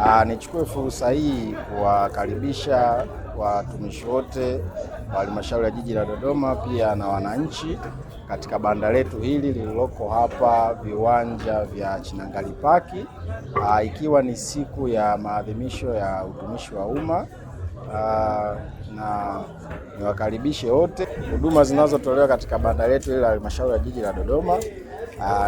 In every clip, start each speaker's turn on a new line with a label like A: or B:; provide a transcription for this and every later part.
A: Ah, nichukue fursa hii kuwakaribisha watumishi wote wa halmashauri ya jiji la Dodoma pia na wananchi katika banda letu hili lililoko hapa viwanja vya Chinangali Park, ah, ikiwa ni siku ya maadhimisho ya utumishi wa umma ah, na niwakaribishe wote. Huduma zinazotolewa katika banda letu hili la halmashauri ya jiji la Dodoma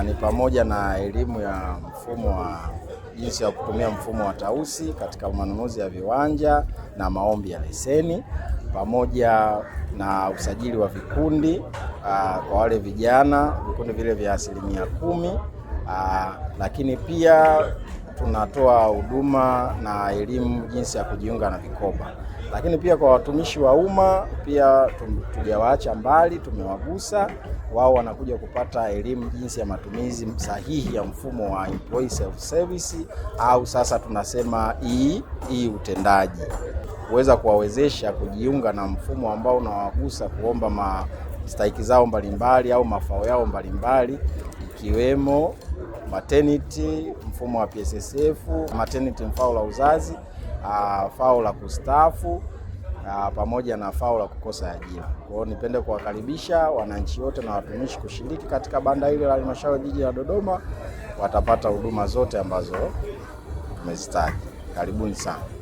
A: ni pamoja na elimu ya mfumo wa jinsi ya kutumia mfumo wa Tausi katika manunuzi ya viwanja na maombi ya leseni pamoja na usajili wa vikundi ah, kwa wale vijana vikundi vile vya asilimia kumi aa, ah, lakini pia tunatoa huduma na elimu jinsi ya kujiunga na vikoba, lakini pia kwa watumishi wa umma pia tujawaacha mbali, tumewagusa wao, wanakuja kupata elimu jinsi ya matumizi sahihi ya mfumo wa employee self service au sasa tunasema hii e, hii e, utendaji kuweza kuwawezesha kujiunga na mfumo ambao unawagusa kuomba ma stahiki zao mbalimbali au mafao yao mbalimbali ikiwemo maternity, mfumo wa PSSF, maternity mfao la uzazi, ah, fao la kustafu ah, pamoja na fao la kukosa ajira. Kwa hiyo nipende kuwakaribisha wananchi wote na watumishi kushiriki katika banda hili la halmashauri jiji la Dodoma, watapata huduma zote ambazo tumezitaja. Karibuni sana.